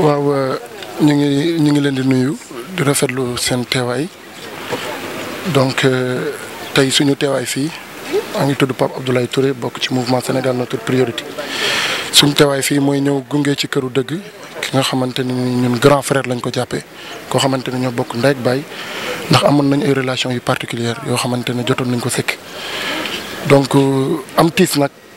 waaw euh, ñu ngi ñu ngi leen di nuyu di rafetlu seen teewaay donc euh, tey suñu teewaay fii maa ngi tudd Pape Abdoulaye Touré bokk ci mouvement Sénégal notre priorité suñu teewaay fii mooy ñëw gunge ci këru dëgg ki nga xamante ni ñun grand frère lañ ko jàppee koo xamante ne ñoo bokk ndey baay ndax amoon nañ ay relation yu particulière yoo xamante ne jotoon nañ ko sekk donc euh, am tiis nag.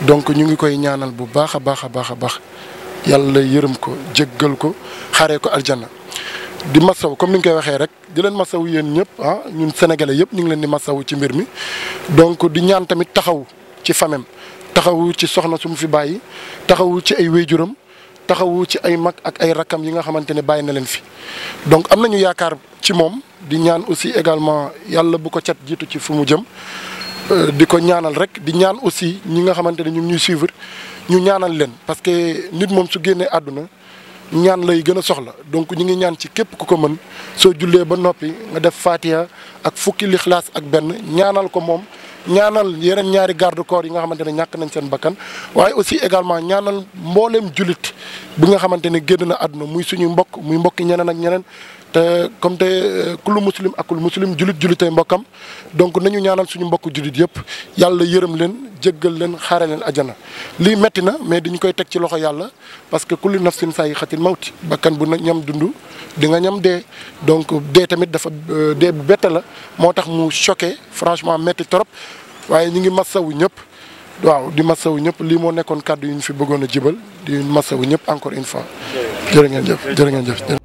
donc ñu ngi koy ñaanal bu baax a baax a baax a baax yàlla yërëm ko jéggal ko xaaree ko aljana di masaw comme ni nga koy waxee rek di leen masaw yéen ñëpp ah ñun sénégalais yëpp ñu ngi leen di masaw ci mbir mi donc di ñaan tamit taxaw ci fameem taxawu ci soxna su mu fi bàyyi taxawu ci ay wéyjuram taxawu ci ay mag ak ay rakkam yi nga xamante ne bàyyi na leen fi donc am nañu yaakaar ci moom di ñaan aussi également yàlla bu ko cat jiitu ci fu mu jëm Euh, di ko ñaanal rek di ñaan aussi ñi nga xamante ne ñu ngi ñuy suivre ñu ñaanal leen parce que nit moom su génnee àdduna ñaan lay gën a soxla donc ñu ngi ñaan ci képp ku ko mën soo jullee ba noppi nga def faatiha ak fukki lixlaas ak benn ñaanal ko moom ñaanal yeneen ñaari garde yi nga xamante ne ñàkk nañ seen bakkan waaye aussi également ñaanal mbooleem jullit bi nga xamante ne génn na àdduna muy suñu mbokk muy mbokki ñeneen ak ñeneen te comme te kulu muslim akul muslim julit julitay mbokam donc nañu ñaanal suñu mbokk julit yépp yalla yërem leen jéggal leen xaare leen aljana li metti na mais diñ koy tek ci loxo yalla parce que kullu nafsin sayiqatil maut bakkan bu ñam dundu di nga ñam dé donc dé tamit dafa euh, dé bu bett la motax mu choqué franchement metti torop waye ñi ngi massaw ñëpp waaw di massaw ñëpp li mo nekkon kaddu yuñ fi bëggono jibal di massaw ñëpp encore une fois jërëngën jëf jërëngën jëf